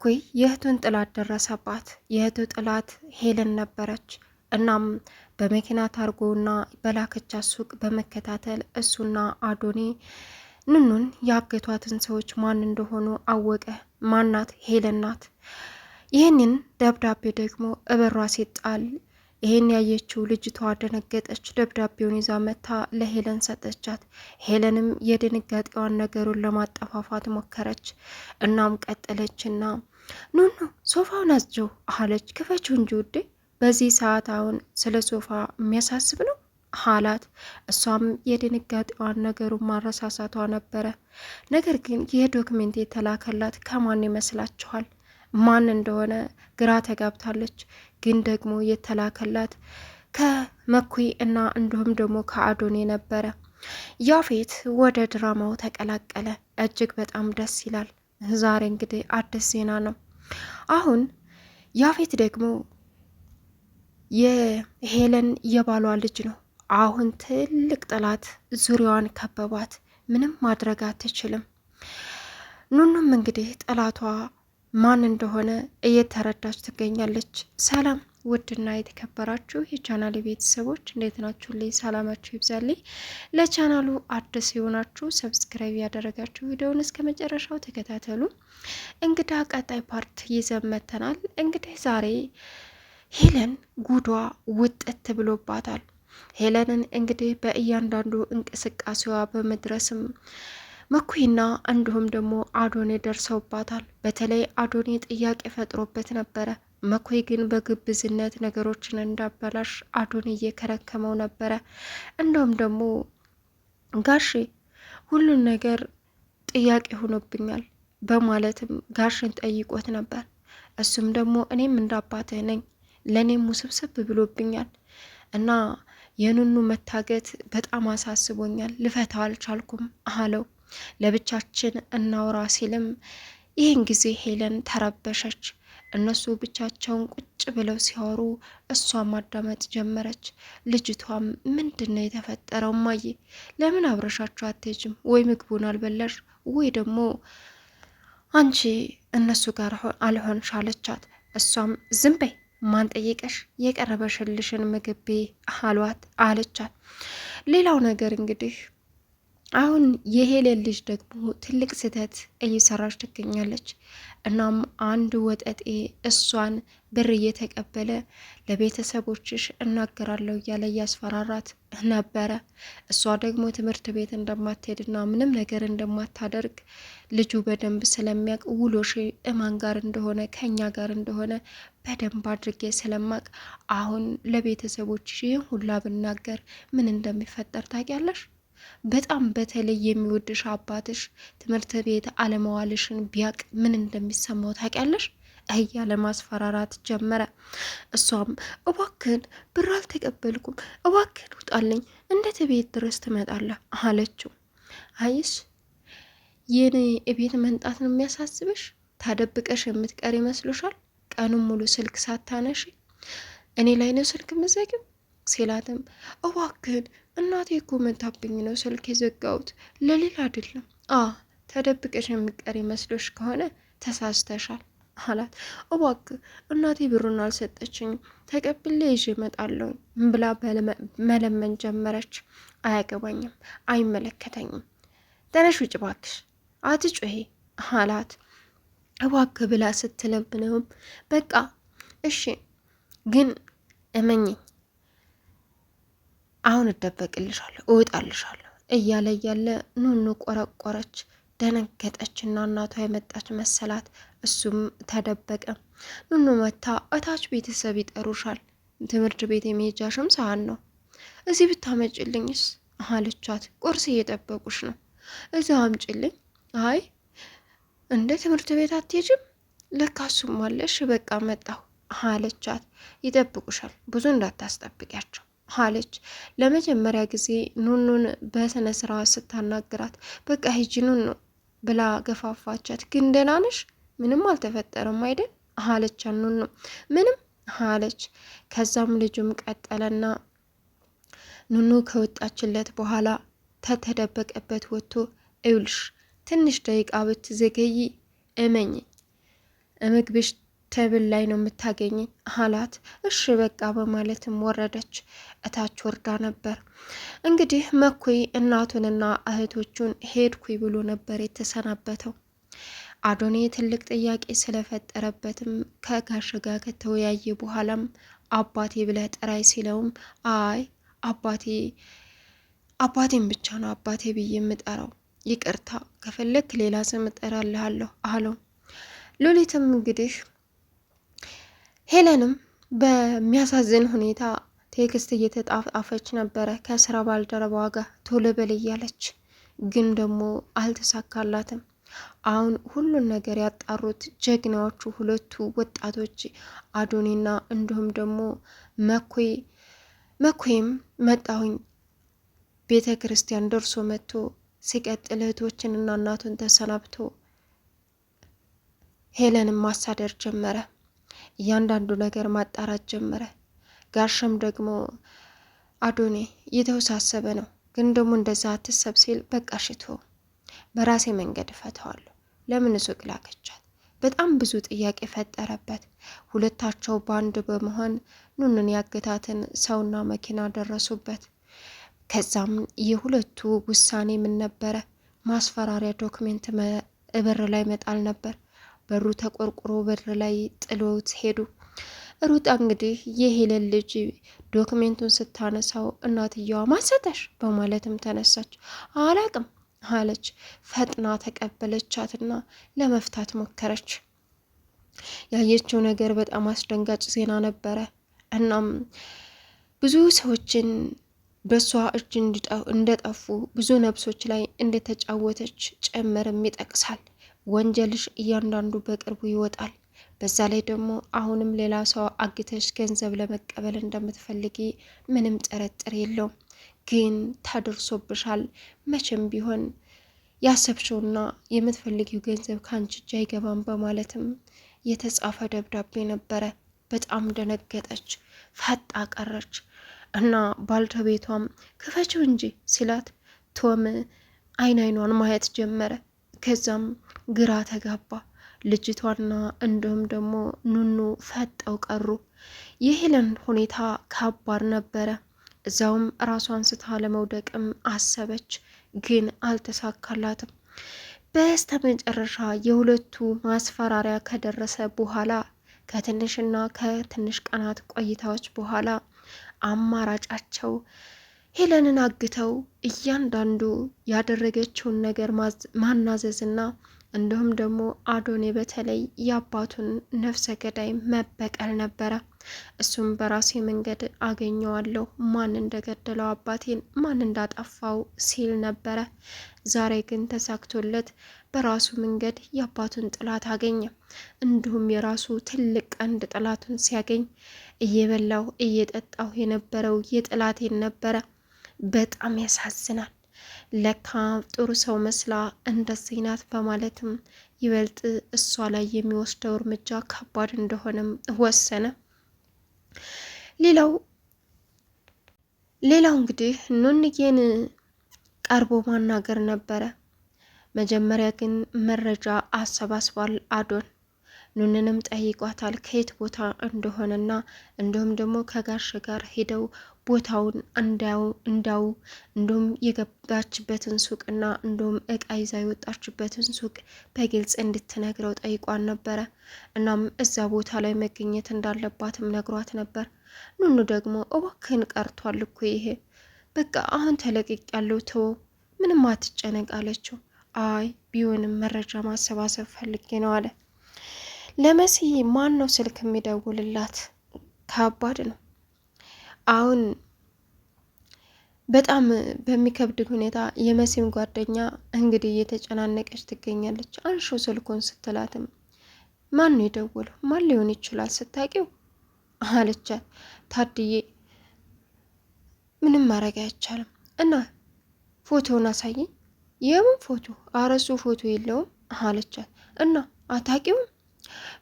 እኩይ የእህቱን ጥላት ደረሰባት። የእህቱ ጥላት ሄለን ነበረች። እናም በመኪና ታርጎና በላከቻ ሱቅ በመከታተል እሱና አዶኔ ኑኑን ያገቷትን ሰዎች ማን እንደሆኑ አወቀ። ማናት? ሄለን ናት። ይህንን ደብዳቤ ደግሞ እበሯ ሲጣል ይህን ያየችው ልጅቷ ደነገጠች። ደብዳቤውን ይዛ መታ ለሄለን ሰጠቻት። ሄለንም የድንጋጤዋን ነገሩን ለማጠፋፋት ሞከረች። እናም ቀጠለችና ኑኑ ሶፋውን አዝጀው አለች። ክፈችው እንጂ ውዴ፣ በዚህ ሰዓት አሁን ስለ ሶፋ የሚያሳስብ ነው አላት። እሷም የድንጋጤዋን ነገሩን ማረሳሳቷ ነበረ። ነገር ግን ይህ ዶክሜንት የተላከላት ከማን ይመስላችኋል? ማን እንደሆነ ግራ ተጋብታለች። ግን ደግሞ የተላከላት ከመኩይ እና እንዲሁም ደግሞ ከአዶኔ ነበረ። ያፌት ወደ ድራማው ተቀላቀለ። እጅግ በጣም ደስ ይላል። ዛሬ እንግዲህ አዲስ ዜና ነው። አሁን ያፌት ደግሞ የሄለን የባሏ ልጅ ነው። አሁን ትልቅ ጠላት ዙሪያዋን ከበባት። ምንም ማድረግ አትችልም። ኑኑም እንግዲህ ጠላቷ ማን እንደሆነ እየተረዳች ትገኛለች። ሰላም ውድና የተከበራችሁ የቻናል ቤተሰቦች እንዴት ናችሁ? ልይ ሰላማችሁ ይብዛልኝ። ለቻናሉ አዲስ የሆናችሁ ሰብስክራይብ ያደረጋችሁ ቪዲዮውን እስከ መጨረሻው ተከታተሉ። እንግዳ ቀጣይ ፓርት ይዘን መጥተናል። እንግዲህ ዛሬ ሄለን ጉዷ ውጥት ብሎባታል። ሄለንን እንግዲህ በእያንዳንዱ እንቅስቃሴዋ በመድረስም መኩሂና እንዲሁም ደግሞ አዶኔ ደርሰውባታል። በተለይ አዶኔ ጥያቄ ፈጥሮበት ነበረ። መኩሂ ግን በግብዝነት ነገሮችን እንዳበላሽ አዶኔ እየከረከመው ነበረ። እንዲሁም ደግሞ ጋሼ ሁሉን ነገር ጥያቄ ሆኖብኛል በማለትም ጋሽን ጠይቆት ነበር። እሱም ደግሞ እኔም እንዳባትህ ነኝ ለእኔም ውስብስብ ብሎብኛል እና የኑኑ መታገት በጣም አሳስቦኛል፣ ልፈታ አልቻልኩም አለው። ለብቻችን እናውራ ሲልም ይህን ጊዜ ሄለን ተረበሸች። እነሱ ብቻቸውን ቁጭ ብለው ሲያወሩ እሷ ማዳመጥ ጀመረች። ልጅቷም ምንድን ነው የተፈጠረው? ማየ ለምን አብረሻቸው አትሄጂም? ወይ ምግቡን አልበላሽ ወይ ደግሞ አንቺ እነሱ ጋር አልሆንሽ አለቻት። እሷም ዝም በይ ማን ጠየቀሽ? የቀረበሽልሽን ምግቤ አሏት አለቻት። ሌላው ነገር እንግዲህ አሁን የሄለን ልጅ ደግሞ ትልቅ ስህተት እየሰራች ትገኛለች። እናም አንድ ወጠጤ እሷን ብር እየተቀበለ ለቤተሰቦችሽ እናገራለሁ እያለ እያስፈራራት ነበረ። እሷ ደግሞ ትምህርት ቤት እንደማትሄድና ምንም ነገር እንደማታደርግ ልጁ በደንብ ስለሚያውቅ ውሎሽ እማን ጋር እንደሆነ ከኛ ጋር እንደሆነ በደንብ አድርጌ ስለማቅ አሁን ለቤተሰቦችሽ ይህን ሁላ ብናገር ምን እንደሚፈጠር ታውቂያለሽ በጣም በተለይ የሚወድሽ አባትሽ ትምህርት ቤት አለመዋልሽን ቢያቅ ምን እንደሚሰማው ታውቂያለሽ? እያለ ማስፈራራት ጀመረ። እሷም እባክህን ብር አልተቀበልኩም፣ እባክህን ውጣልኝ፣ እንዴት ቤት ድረስ ትመጣለህ? አለችው። አይሽ የኔ እቤት መንጣት ነው የሚያሳስብሽ? ታደብቀሽ የምትቀር ይመስሉሻል? ቀኑን ሙሉ ስልክ ሳታነሽ እኔ ላይ ነው ስልክ ምዘግብ ሲላትም እባክህን እናቴ እኮ መታብኝ ነው ስልክ የዘጋሁት ለሌላ አይደለም። አ ተደብቀሽ የሚቀር መስሎሽ ከሆነ ተሳስተሻል አላት። እባክህ እናቴ ብሩን አልሰጠችኝም ተቀብሌ ይዤ እመጣለሁ ብላ መለመን ጀመረች። አያገባኝም፣ አይመለከተኝም፣ ተነሽ ውጭ እባክሽ፣ አትጩሂ አላት። እባክህ ብላ ስትለብነውም በቃ እሺ ግን እመኝኝ አሁን እደበቅልሻለሁ እወጣልሻለሁ እያለ እያለ ኑኑ ቆረቆረች፣ ደነገጠችና እናቷ የመጣች መሰላት። እሱም ተደበቀ። ኑኑ መታ እታች ቤተሰብ ይጠሩሻል፣ ትምህርት ቤት የመሄጃሽም ሰሀን ነው፣ እዚህ ብታመጭልኝስ አለቻት። ቁርስ እየጠበቁሽ ነው፣ እዚህ አምጭልኝ። አይ እንደ ትምህርት ቤት አትሄጅም ለካሱም አለሽ፣ በቃ መጣሁ አለቻት። ይጠብቁሻል፣ ብዙ እንዳታስጠብቂያቸው አለች። ለመጀመሪያ ጊዜ ኑኑን በስነ ስርዓት ስታናግራት በቃ ሂጂ ኑኑ ብላ ገፋፋቻት። ግን ደህና ነሽ? ምንም አልተፈጠረም አይደል? አለች ኑኑ። ምንም አለች። ከዛም ልጁም ቀጠለና ኑኑ ከወጣችለት በኋላ ተተደበቀበት ወጥቶ እውልሽ ትንሽ ደቂቃ ብትዘገይ እመኝ እምግብሽ ተብል ላይ ነው የምታገኝ አላት። እሺ በቃ በማለትም ወረደች። እታች ወርዳ ነበር እንግዲህ መኩይ እናቱንና እህቶቹን ሄድኩ ብሎ ነበር የተሰናበተው። አዶኔ ትልቅ ጥያቄ ስለፈጠረበትም ከጋሽ ጋር ከተወያየ በኋላም አባቴ ብለህ ጥራይ ሲለውም አይ አባቴ አባቴን ብቻ ነው አባቴ ብዬ የምጠራው ይቅርታ፣ ከፈለክ ሌላ ስም እጠራልሃለሁ አለው። ሉሊትም እንግዲህ ሄለንም በሚያሳዝን ሁኔታ ቴክስት እየተጣጣፈች ነበረ ከስራ ባልደረባዋ ጋር ቶሎ በል እያለች ግን ደግሞ አልተሳካላትም። አሁን ሁሉን ነገር ያጣሩት ጀግናዎቹ ሁለቱ ወጣቶች አዶኔና እንዲሁም ደግሞ መኮይ መኮይም መጣሁኝ ቤተ ክርስቲያን ደርሶ መጥቶ ሲቀጥል እህቶችንና እናቱን ተሰናብቶ ሄለንም ማሳደር ጀመረ። እያንዳንዱ ነገር ማጣራት ጀመረ። ጋሸም ደግሞ አዶኔ እየተወሳሰበ ነው፣ ግን ደግሞ እንደዛ አትሰብ ሲል በቃ ሽቶ በራሴ መንገድ እፈተዋለሁ። ለምን ሱቅ ላከቻት? በጣም ብዙ ጥያቄ ፈጠረበት። ሁለታቸው በአንድ በመሆን ኑንን ያገታትን ሰውና መኪና ደረሱበት። ከዛም የሁለቱ ውሳኔ ምን ነበረ? ማስፈራሪያ ዶክሜንት እብር ላይ መጣል ነበር። በሩ ተቆርቁሮ በር ላይ ጥሎት ሄዱ። ሩጣ እንግዲህ የሄለን ልጅ ዶክሜንቱን ስታነሳው እናትየዋ ማሰተሽ በማለትም ተነሳች። አላቅም አለች። ፈጥና ተቀበለቻትና ለመፍታት ሞከረች። ያየችው ነገር በጣም አስደንጋጭ ዜና ነበረ። እናም ብዙ ሰዎችን በእሷ እጅ እንደጠፉ ብዙ ነብሶች ላይ እንደተጫወተች ጭምርም ይጠቅሳል። ወንጀልሽ እያንዳንዱ በቅርቡ ይወጣል። በዛ ላይ ደግሞ አሁንም ሌላ ሰው አግተሽ ገንዘብ ለመቀበል እንደምትፈልጊ ምንም ጥርጥር የለውም። ግን ተደርሶብሻል። መቼም ቢሆን ያሰብሽውና የምትፈልጊው ገንዘብ ከአንቺ እጅ አይገባም በማለትም የተጻፈ ደብዳቤ ነበረ። በጣም ደነገጠች፣ ፈጣ ቀረች እና ባልተቤቷም ክፈችው እንጂ ሲላት ቶም አይን አይኗን ማየት ጀመረ። ከዛም ግራ ተጋባ። ልጅቷና እንዲሁም ደግሞ ኑኑ ፈጠው ቀሩ። የሄለን ሁኔታ ከባድ ነበረ። እዛውም ራሷን ስታ ለመውደቅም አሰበች፣ ግን አልተሳካላትም። በስተ መጨረሻ የሁለቱ ማስፈራሪያ ከደረሰ በኋላ ከትንሽና ከትንሽ ቀናት ቆይታዎች በኋላ አማራጫቸው ሄለንን አግተው እያንዳንዱ ያደረገችውን ነገር ማናዘዝና እንዲሁም ደግሞ አዶኔ በተለይ የአባቱን ነፍሰ ገዳይ መበቀል ነበረ። እሱም በራሴ መንገድ አገኘዋለሁ ማን እንደገደለው አባቴን ማን እንዳጠፋው ሲል ነበረ። ዛሬ ግን ተሳክቶለት በራሱ መንገድ የአባቱን ጥላት አገኘ። እንዲሁም የራሱ ትልቅ ቀንድ ጥላቱን ሲያገኝ እየበላሁ እየጠጣሁ የነበረው የጥላቴን ነበረ በጣም ያሳዝናል። ለካ ጥሩ ሰው መስላ እንደዚህ ናት በማለትም ይበልጥ እሷ ላይ የሚወስደው እርምጃ ከባድ እንደሆነም ወሰነ። ሌላው ሌላው እንግዲህ ኑንዬን ቀርቦ ማናገር ነበረ። መጀመሪያ ግን መረጃ አሰባስቧል አዶን ኑንንም ጠይቋታል ከየት ቦታ እንደሆነና እንዲሁም ደግሞ ከጋሽ ጋር ሄደው ቦታውን እንዳው እንዳው እንዲሁም የገባችበትን ሱቅና እንዲሁም እቃ ይዛ የወጣችበትን ሱቅ በግልጽ እንድትነግረው ጠይቋን ነበረ። እናም እዛ ቦታ ላይ መገኘት እንዳለባትም ነግሯት ነበር። ኑኑ ደግሞ እባክህን ቀርቷል እኮ ይሄ በቃ አሁን ተለቅቅ ያለው ተወ፣ ምንም አትጨነቅ አለችው። አይ ቢሆንም መረጃ ማሰባሰብ ፈልጌ ነው አለ። ለመሲ ማን ነው ስልክ የሚደውልላት? ከባድ ነው አሁን በጣም በሚከብድ ሁኔታ የመሲም ጓደኛ እንግዲህ እየተጨናነቀች ትገኛለች። አንሾ ስልኩን ስትላትም ማን ነው የደወለው? ማን ሊሆን ይችላል ስታቂው አለቻት። ታድዬ ምንም ማድረግ አይቻልም እና ፎቶውን አሳየኝ። የምን ፎቶ? አረሱ ፎቶ የለውም አለቻት። እና አታቂውም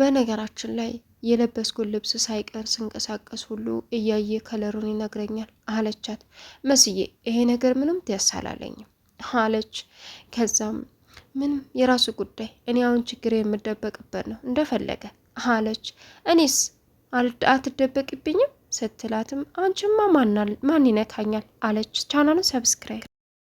በነገራችን ላይ የለበስኩን ልብስ ሳይቀር ስንቀሳቀስ ሁሉ እያየ ከለሩን ይነግረኛል አለቻት። መስዬ ይሄ ነገር ምንም ደስ አለች። ከዛም ምንም የራሱ ጉዳይ፣ እኔ አሁን ችግር የምደበቅበት ነው እንደፈለገ አለች። እኔስ አትደበቅብኝም ስትላትም አንቺማ ማን ይነካኛል አለች። ቻናሉን ሰብስክራይብ